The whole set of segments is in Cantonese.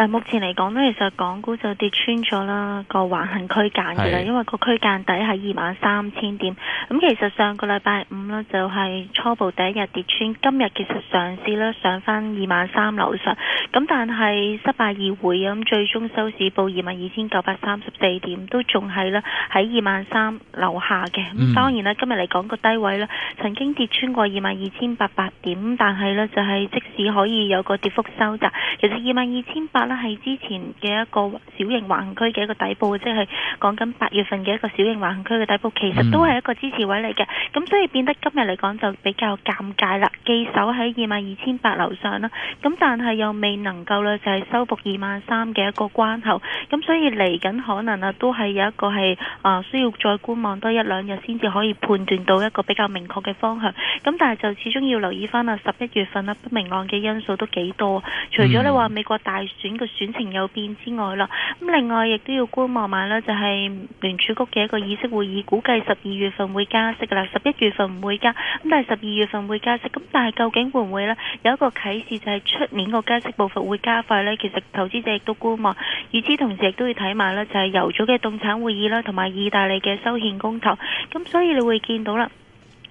但目前嚟講呢，其實港股就跌穿咗啦個橫行區間嘅啦，因為個區間底係二萬三千點。咁其實上個禮拜五呢，就係初步第一日跌穿，今日其實嘗試啦上翻二萬三樓上，咁但係失敗而回，咁最終收市報二萬二千九百三十四點，都仲係啦喺二萬三樓下嘅。咁當然啦，今日嚟講個低位咧，曾經跌穿過二萬二千八百點，但係呢就係即使可以有個跌幅收窄，其實二萬二千八啦，喺之前嘅一個小型橫行區嘅一個底部，即係講緊八月份嘅一個小型橫行區嘅底部，其實都係一個支持位嚟嘅。咁所以變得今日嚟講就比較尷尬啦，記守喺二萬二千八樓上啦。咁但係又未能夠咧，就係、是、收復二萬三嘅一個關口。咁所以嚟緊可能啊，都係有一個係啊、呃，需要再觀望多一兩日先至可以判斷到一個比較明確嘅方向。咁但係就始終要留意翻啊，十一月份啦不明朗嘅因素都幾多，除咗你話美國大選，個選情有變之外啦，咁另外亦都要觀望埋呢就係聯儲局嘅一個議息會議，估計十二月份會加息噶啦，十一月份唔會加，咁但係十二月份會加息，咁但係究竟會唔會呢？有一個啟示就係出年個加息步伐會加快呢。其實投資者亦都觀望。與此同時，亦都要睇埋呢就係油組嘅凍產會議啦，同埋意大利嘅修憲公投，咁所以你會見到啦。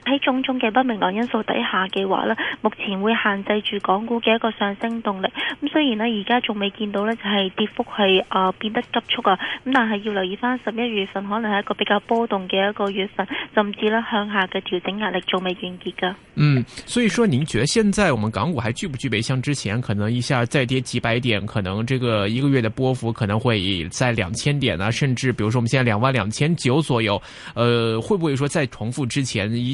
喺種種嘅不明朗因素底下嘅話呢，目前會限制住港股嘅一個上升動力。咁雖然呢而家仲未見到呢，就係跌幅係誒變得急促啊。咁但係要留意返十一月份，可能係一個比較波動嘅一個月份，甚至呢向下嘅調整壓力仲未完結噶。嗯，所以說，您覺得現在我們港股還具不具備，像之前可能一下再跌幾百點，可能這個一個月嘅波幅可能會在兩千點啊，甚至，比如說我們現在兩萬兩千九左右，呃，會不會說再重複之前一？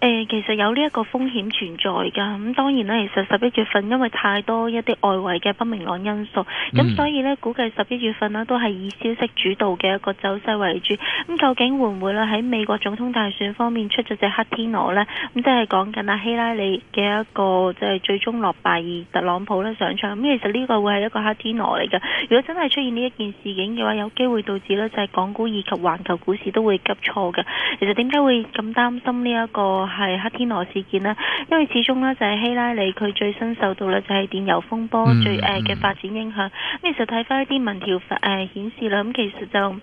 誒，其實有呢一個風險存在噶，咁當然啦，其實十一月份因為太多一啲外圍嘅不明朗因素，咁、嗯、所以呢，估計十一月份咧都係以消息主導嘅一個走勢為主。咁、嗯、究竟會唔會呢？喺美國總統大選方面出咗隻黑天鵝呢？咁、嗯、即係講緊阿希拉里嘅一個即係最終落敗，而特朗普咧上場。咁、嗯、其實呢個會係一個黑天鵝嚟嘅。如果真係出現呢一件事件嘅話，有機會導致呢就係港股以及環球股市都會急挫嘅。其實點解會咁擔心呢、這、一個？係黑天鵝事件啦，因為始終咧就係希拉里佢最新受到咧就係電郵風波最誒嘅、mm-hmm. 呃、發展影響。咁其實睇翻一啲民調發誒顯、呃、示啦，咁、嗯、其實就。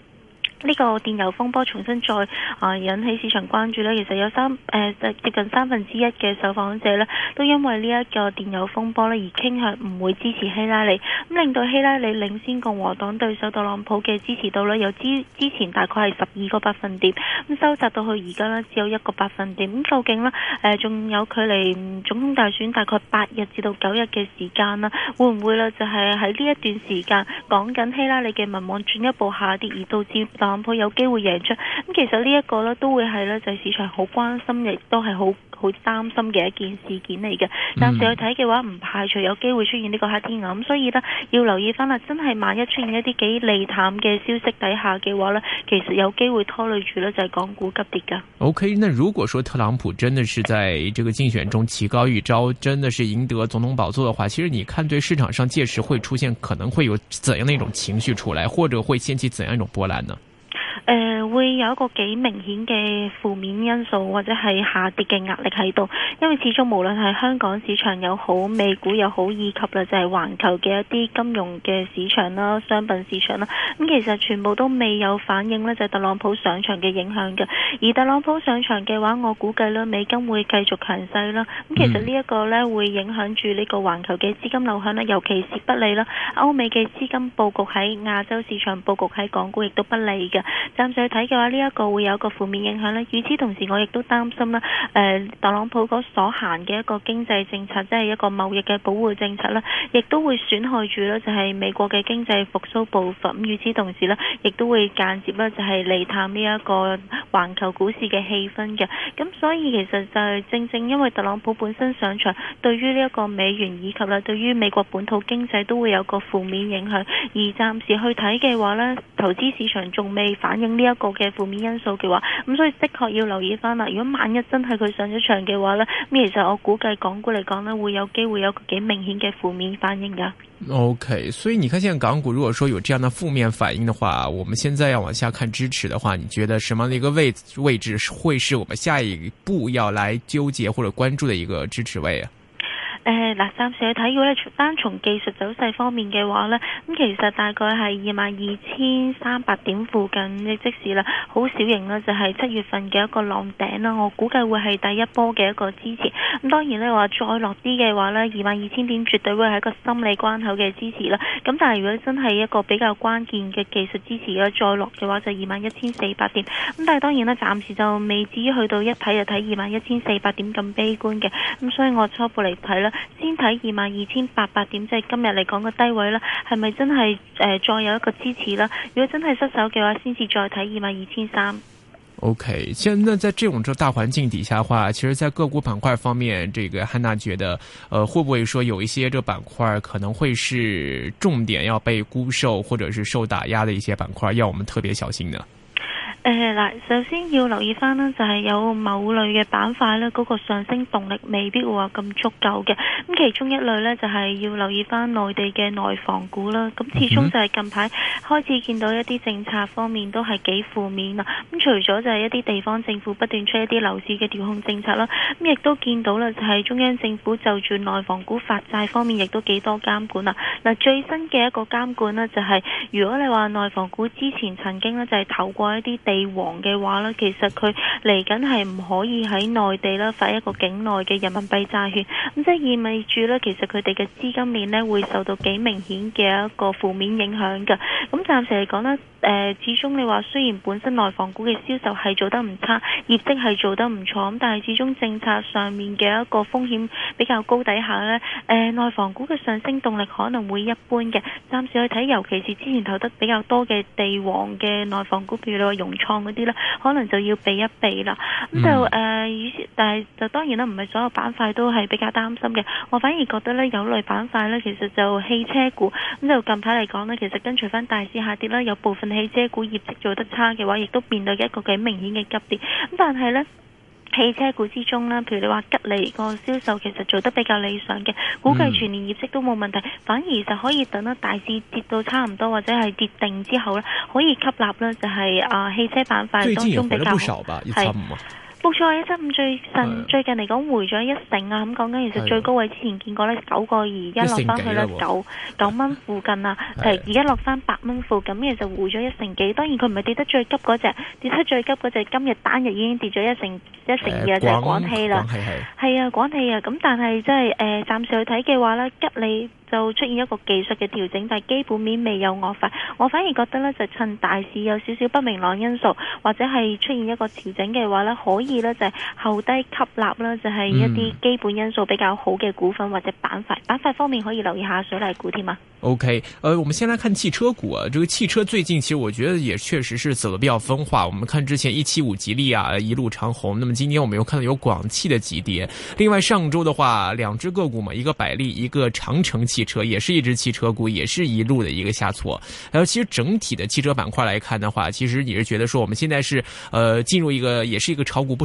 呢、這個電郵風波重新再啊引起市場關注呢，其實有三誒、呃，接近三分之一嘅受訪者呢都因為呢一個電郵風波呢而傾向唔會支持希拉里，咁令到希拉里領先共和黨對手特朗普嘅支持度呢，由之之前大概係十二個百分點，咁收窄到去而家呢只有一個百分點。咁究竟呢誒，仲、呃、有距離總統大選大概八日至到九日嘅時間啦，會唔會呢？就係喺呢一段時間講緊希拉里嘅民望進一步下跌，而導致？特朗普有機會贏出，咁其實呢一個咧都會係咧就係市場好關心，亦都係好好擔心嘅一件事件嚟嘅。但時去睇嘅話，唔排除有機會出現呢個黑天鵝，咁所以呢，要留意翻啦。真係萬一出現一啲幾利淡嘅消息底下嘅話呢，其實有機會拖累住呢就係港股急跌嘅。OK，那如果說特朗普真的是在這個競選中棋高一招，真的是贏得總統寶座嘅話，其實你看對市場上屆時會出現可能會有怎樣一種情緒出來，或者會掀起怎樣一種波瀾呢？誒會有一個幾明顯嘅負面因素，或者係下跌嘅壓力喺度，因為始終無論係香港市場又好，美股又好，以及啦就係環球嘅一啲金融嘅市場啦、商品市場啦，咁其實全部都未有反映咧，就係特朗普上場嘅影響嘅。而特朗普上場嘅話，我估計咧，美金會繼續強勢啦。咁其實呢一個咧，會影響住呢個環球嘅資金流向啦，尤其是不利啦。歐美嘅資金佈局喺亞洲市場佈局喺港股亦都不利嘅。暫時去睇嘅話，呢、這、一個會有一個負面影響咧。與此同時，我亦都擔心啦，誒、呃，特朗普所行嘅一個經濟政策，即係一個貿易嘅保護政策啦，亦都會損害住咧，就係美國嘅經濟復甦步伐。咁與此同時咧，亦都會間接咧，就係嚟探呢一個環球股市嘅氣氛嘅。咁所以其實就係正正因為特朗普本身上場，對於呢一個美元以及啦，對於美國本土經濟都會有個負面影響。而暫時去睇嘅話咧，投資市場仲未反映。呢、這、一個嘅負面因素嘅話，咁所以的確要留意返啦。如果萬一真係佢上咗場嘅話呢，咁其實我估計港股嚟講呢會有機會有幾明顯嘅負面反應噶。O、okay, K，所以你看，現在港股如果說有這樣的負面反應嘅話，我們現在要往下看支持嘅話，你覺得什麼樣的一個位位置會是我們下一步要來糾結或者關注嘅一個支持位啊？誒、呃、嗱，暫時去睇，如果咧單從技術走勢方面嘅話咧，咁其實大概係二萬二千三百點附近嘅即時啦，好小型啦，就係、是、七月份嘅一個浪頂啦。我估計會係第一波嘅一個支持。咁當然咧話再落啲嘅話咧，二萬二千點絕對會係一個心理關口嘅支持啦。咁但係如果真係一個比較關鍵嘅技術支持嘅再落嘅話，就二萬一千四百點。咁但係當然咧，暫時就未至於去到一睇就睇二萬一千四百點咁悲觀嘅。咁所以我初步嚟睇啦先睇二萬二千八百點，即係今日嚟講個低位啦，係咪真係誒、呃、再有一個支持啦？如果真係失手嘅話，先至再睇二萬二千三。OK，現在在這種這大環境底下的話，其實，在個股板塊方面，這個漢娜覺得，呃會不會說有一些這個板塊可能會是重點要被沽售，或者是受打壓的一些板塊，要我們特別小心呢？誒，嗱，首先要留意翻呢就係有某類嘅板塊呢嗰個上升動力未必會話咁足夠嘅。咁其中一類呢，就係要留意翻內地嘅內房股啦。咁始終就係近排開始見到一啲政策方面都係幾負面啦。咁除咗就係一啲地方政府不斷出一啲樓市嘅調控政策啦，咁亦都見到啦，就係中央政府就住內房股發債方面亦都幾多監管啦。嗱，最新嘅一個監管呢，就係如果你話內房股之前曾經呢，就係投過一啲地地王嘅話咧，其實佢嚟緊係唔可以喺內地咧發一個境內嘅人民幣債券，咁即係意味住咧，其實佢哋嘅資金鏈咧會受到幾明顯嘅一個負面影響嘅。咁暫時嚟講咧。誒、呃，始終你話雖然本身內房股嘅銷售係做得唔差，業績係做得唔錯咁，但係始終政策上面嘅一個風險比較高底下呢，呃、內房股嘅上升動力可能會一般嘅。暫時去睇，尤其是之前投得比較多嘅地王嘅內房股，譬如話融創嗰啲咧，可能就要避一避啦。咁、嗯、就誒、呃，但係就當然啦，唔係所有板塊都係比較擔心嘅。我反而覺得呢，有類板塊呢，其實就汽車股，咁就近排嚟講呢，其實跟隨返大市下跌啦，有部分。汽車股業績做得差嘅話，亦都面對一個幾明顯嘅急跌。咁但係呢，汽車股之中呢，譬如你話吉利個銷售其實做得比較理想嘅，估計全年業績都冇問題，嗯，反而就可以等得大市跌到差唔多或者係跌定之後呢，可以吸納呢就係、是、啊汽車板塊當中比較係。冇錯啊！真係，最近最近嚟講，回咗一成啊！咁講緊，其實最高位之前見過呢九個二，而家落翻去啦九九蚊附近啊。而家落翻八蚊附近，其實回咗一成幾。當然佢唔係跌得最急嗰隻，跌得最急嗰隻今日單日已經跌咗一成一成二啊、呃！就係廣廣汽啦，係啊，廣汽啊！咁但係即係誒，暫、呃、時去睇嘅話呢，吉利就出現一個技術嘅調整，但係基本面未有惡化。我反而覺得呢，就趁大市有少少不明朗因素，或者係出現一個調整嘅話呢，可以。就係、是、後低吸納呢就係一啲基本因素比較好嘅股份或者板塊。板塊方面可以留意下水泥股添啊。OK，呃，我們先來看汽車股啊。這個汽車最近其實我覺得也確實是走得比較分化。我們看之前一七五吉利啊一路長紅，那麼今天我們又看到有廣汽的急跌。另外上周的話，兩隻個股嘛，一個百利，一個長城汽車，也是一隻汽車股，也是一路的一個下挫。然後其實整體的汽車板塊來看的話，其實你是覺得說我們現在是，呃，進入一個也是一個炒股不？，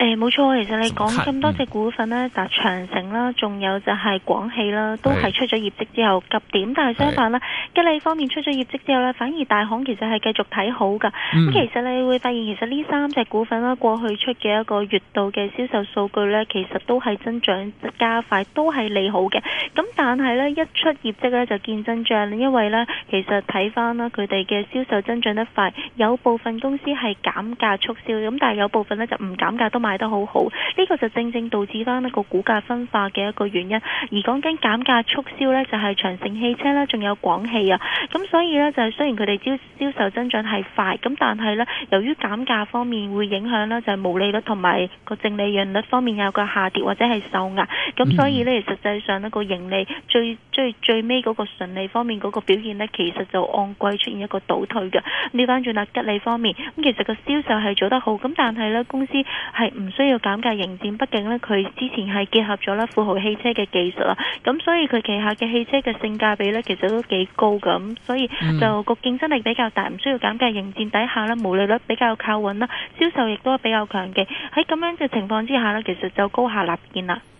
誒冇錯，其實你講咁多隻股份呢就、嗯、長城啦，仲有就係廣汽啦，都係出咗業績之後急點。但係相反啦，吉利方面出咗業績之後呢，反而大行其實係繼續睇好㗎。咁、嗯、其實你會發現其實呢三隻股份啦，過去出嘅一個月度嘅銷售數據呢，其實都係增長加快，都係利好嘅。咁但係呢，一出業績呢，就見增長，因為呢，其實睇翻啦佢哋嘅銷售增長得快，有部分公司係減價促銷，咁但係有部分呢，就唔減價都賣得好好，呢個就正正導致翻呢個股價分化嘅一個原因。而講緊減價促銷呢，就係長城汽車啦，仲有廣汽啊。咁所以呢，就雖然佢哋招銷售增長係快，咁但係呢由於減價方面會影響咧，就係、是、毛利率同埋個淨利潤率方面有個下跌或者係受壓。咁所以呢，實際上呢個盈利最最,最最尾嗰個純利方面嗰個表現呢，其實就按季出現一個倒退嘅。調翻轉啦，吉利方面咁其實個銷售係做得好，咁但係呢公司係。唔需要減價迎戰，畢竟呢，佢之前係結合咗啦富豪汽車嘅技術啦，咁所以佢旗下嘅汽車嘅性價比呢，其實都幾高㗎，咁所以就個競爭力比較大，唔需要減價迎戰底下呢，毛利率比較靠穩啦，銷售亦都比較強嘅。喺咁樣嘅情況之下呢，其實就高下立見啦。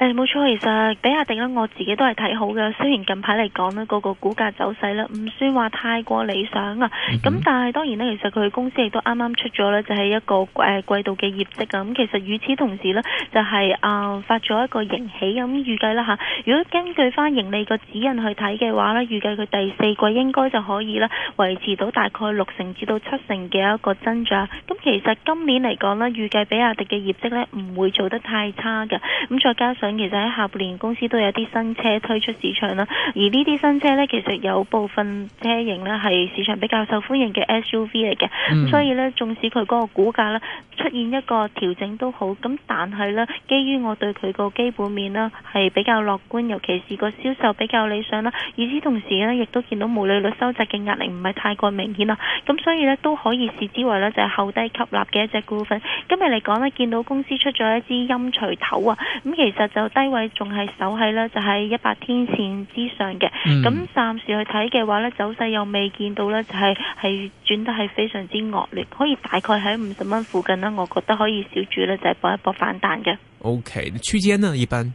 誒、哎，冇錯，其實比亞迪咧，我自己都係睇好嘅。雖然近排嚟講呢，個個股價走勢咧，唔算話太過理想啊。咁但係當然呢，其實佢公司亦都啱啱出咗呢，就係一個、呃、季度嘅業績。咁其實與此同時呢，就係、是、啊、呃、發咗一個盈喜，咁預計啦吓，如果根據翻盈利個指引去睇嘅話呢，預計佢第四季應該就可以啦，維持到大概六成至到七成嘅一個增長。咁其實今年嚟講呢，預計比亞迪嘅業績呢唔會做得太差嘅。咁再加上，其實喺下半年公司都有啲新車推出市場啦，而呢啲新車呢，其實有部分車型呢係市場比較受歡迎嘅 SUV 嚟嘅，嗯，所以呢，縱使佢嗰個股價呢出現一個調整都好，咁但係呢，基於我對佢個基本面呢係比較樂觀，尤其是個銷售比較理想啦，與此同時呢，亦都見到毛利率收窄嘅壓力唔係太過明顯啊，咁所以呢，都可以視之為呢就係後低吸納嘅一隻股份。今日嚟講呢，見到公司出咗一支陰錘頭啊，咁其實就。有低位仲係守喺咧，就喺、是、一百天線之上嘅。咁、嗯、暫時去睇嘅話咧，走勢又未見到咧，就係係轉得係非常之惡劣。可以大概喺五十蚊附近啦，我覺得可以小住咧，就係、是、搏一搏反彈嘅。OK，區間呢，一般。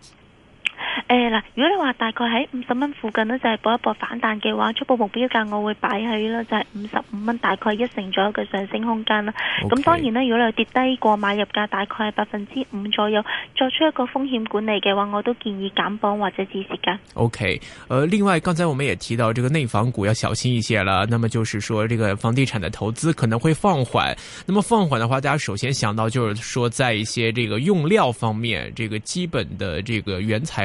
誒、哎、嗱，如果你話大概喺五十蚊附近咧，就係搏一搏反彈嘅話，初步目標價我會擺喺就係五十五蚊，大概一成左右嘅上升空間啦。咁、okay. 當然如果你有跌低過買入價，大概係百分之五左右，作出一個風險管理嘅話，我都建議減磅或者止蝕噶。O、okay. K，、呃、另外剛才我們也提到，這個內房股要小心一些啦。那麼就是說，這個房地產的投資可能會放緩。那麼放緩嘅話，大家首先想到就是說，在一些這個用料方面，這個基本的這個原材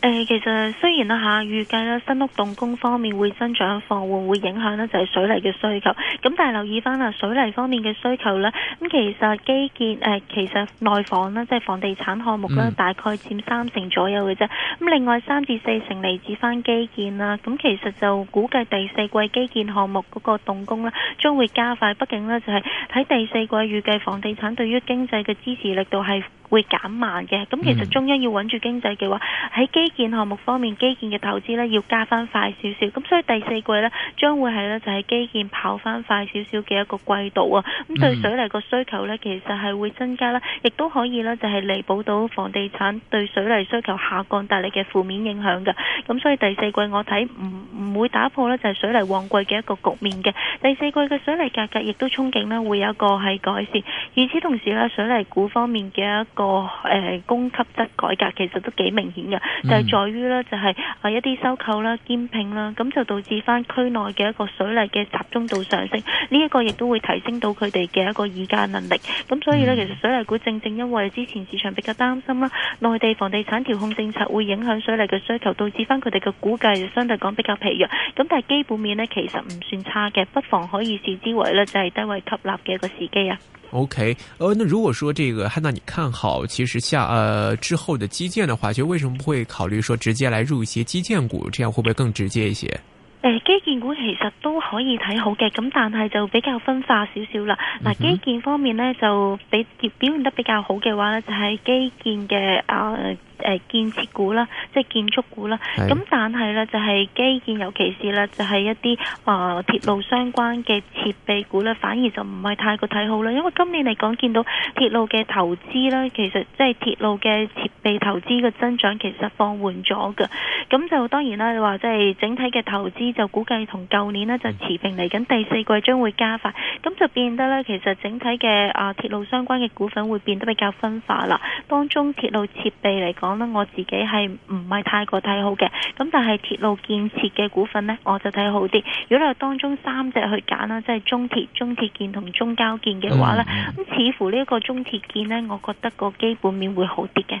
誒，其實雖然啊吓，預計咧新屋動工方面會增長放緩，會影響咧就係、是、水泥嘅需求。咁但係留意翻啦，水泥方面嘅需求咧，咁其實基建誒，其實內房咧即係房地產項目咧，大概佔三成左右嘅啫。咁、嗯、另外三至四成嚟自翻基建啦。咁其實就估計第四季基建項目嗰個動工咧將會加快，畢竟咧就係喺第四季預計房地產對於經濟嘅支持力度係。會減慢嘅，咁其實中央要穩住經濟嘅話，喺基建項目方面，基建嘅投資咧要加翻快少少，咁所以第四季咧將會係咧就係基建跑翻快少少嘅一個季度啊，咁對水泥個需求咧其實係會增加啦，亦都可以咧就係彌補到房地產對水泥需求下降帶嚟嘅負面影響嘅，咁所以第四季我睇唔唔會打破咧就係水泥旺季嘅一個局面嘅，第四季嘅水泥價格亦都憧憬咧會有一個係改善，與此同時咧水泥股方面嘅一個誒、呃、供給側改革其實都幾明顯嘅、嗯，就係、是、在於呢，就係、是、啊一啲收購啦兼併啦，咁就導致翻區內嘅一個水泥嘅集中度上升，呢、這、一個亦都會提升到佢哋嘅一個議價能力。咁所以呢，其實水泥股正正因為之前市場比較擔心啦，內地房地產調控政策會影響水泥嘅需求，導致翻佢哋嘅股價相對講比較疲弱。咁但係基本面呢，其實唔算差嘅，不妨可以視之為呢，就係、是、低位吸納嘅一個時機啊。O.K.，呃，那如果說這個 Hanah 你看好，其實下，呃，之後的基建的話，其實為什麼會考慮說直接來入一些基建股，這樣會不會更直接一些？呃、基建股其實都可以睇好嘅，咁但係就比較分化少少啦。嗱、呃，基建方面呢，就比表現得比較好嘅話呢就係、是、基建嘅啊。呃誒建設股啦，即係建築股啦。咁但係咧，就係基建，尤其是咧，就係一啲誒鐵路相關嘅設備股咧，反而就唔係太過睇好啦。因為今年嚟講，見到鐵路嘅投資咧，其實即係鐵路嘅設備投資嘅增長其實放緩咗㗎。咁就當然啦，你話即係整體嘅投資就估計同舊年呢就持平嚟緊，第四季將會加快。咁就變得咧，其實整體嘅啊、呃、鐵路相關嘅股份會變得比較分化啦。當中鐵路設備嚟講講啦，我自己係唔係太過睇好嘅。咁但係鐵路建設嘅股份咧，我就睇好啲。如果你當中三隻去揀啦，即係中鐵、中鐵建同中交建嘅話咧，咁似乎呢個中鐵建咧，我覺得個基本面會好啲嘅。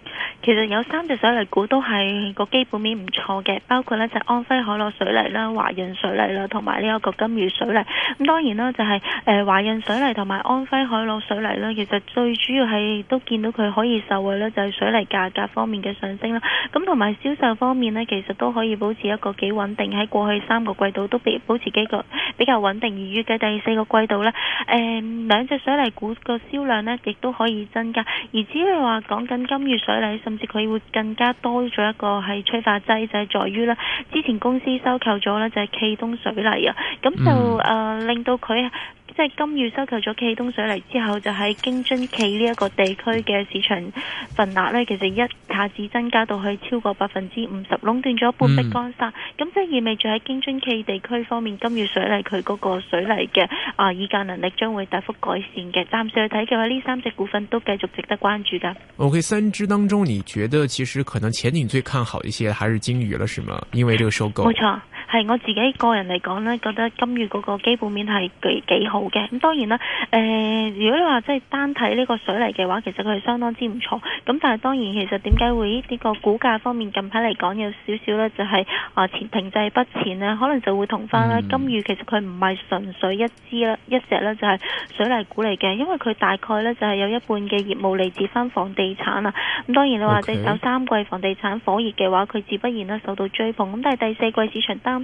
其實有三隻水泥股都係個基本面唔錯嘅，包括咧就安徽海螺水泥啦、華潤水泥啦，同埋呢一個金隅水泥。咁當然啦，就係、是、誒、呃、華潤水泥同埋安徽海螺水泥啦，其實最主要係都見到佢可以受惠咧，就係、是、水泥價格方面嘅上升啦。咁同埋銷售方面咧，其實都可以保持一個幾穩定，喺過去三個季度都比保持幾個比較穩定。而預嘅第四個季度咧，誒、呃、兩隻水泥股個銷量咧亦都可以增加。而至於話講緊金隅水泥。甚至佢會更加多咗一個係催化劑，就係、是、在於咧，之前公司收購咗咧就係冀東水泥啊，咁就誒令到佢。嗯。即係金隅收購咗冀東水泥之後，就喺京津冀呢一個地區嘅市場份額咧，其實一下子增加到去超過百分之五十，壟斷咗半壁江山。咁、嗯、即係意味住喺京津冀地區方面，金隅水泥佢嗰個水泥嘅啊議價能力將會大幅改善嘅。暫時去睇嘅話，呢三隻股份都繼續值得關注噶。OK，三隻當中，你覺得其實可能前景最看好一些，還是金隅啦，是嗎？因為呢個收購。冇錯。係我自己個人嚟講呢覺得金隅嗰個基本面係幾幾好嘅。咁當然啦，呃，如果你話即係單睇呢個水泥嘅話，其實佢係相當之唔錯。咁但係當然，其實點解會呢個股價方面近排嚟講有少少呢就係、是、啊前停滯不前呢？可能就會同翻啦金隅其實佢唔係純粹一支啦一隻呢就係水泥股嚟嘅，因為佢大概呢就係有一半嘅業務嚟自翻房地產啊。咁當然你話即係首三季房地產火熱嘅話，佢自不然受到追捧。咁但係第四季市場單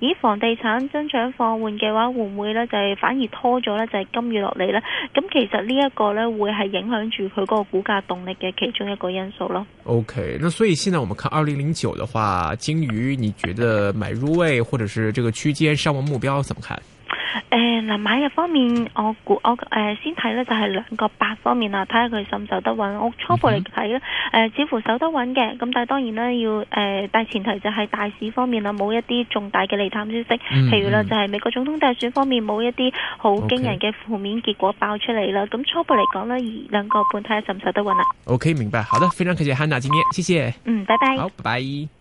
以房地產增長放緩嘅話，會唔會咧就係反而拖咗咧就係金魚落嚟咧？咁其實呢一個咧會係影響住佢個股價動力嘅其中一個因素咯。OK，那所以現在我們看二零零九嘅話，金魚你覺得買入位，或者是這個區間上望目標，怎麼看？誒，嗱，買入方面，我估我誒、呃，先睇咧就係兩個八方面啦，睇下佢受唔受得穩。我初步嚟睇咧，誒、嗯呃，似乎守得穩嘅，咁但係當然啦，要、呃、誒，但係前提就係大市方面啦，冇一啲重大嘅利淡消息，譬、嗯、如啦就係美國總統大選方面冇一啲好驚人嘅負面結果爆出嚟啦。咁初步嚟講咧，兩個半睇下受唔受得穩啦。O K，明白，好的，非常感謝 Hannah 今日，謝謝。嗯，拜拜。好，拜，拜。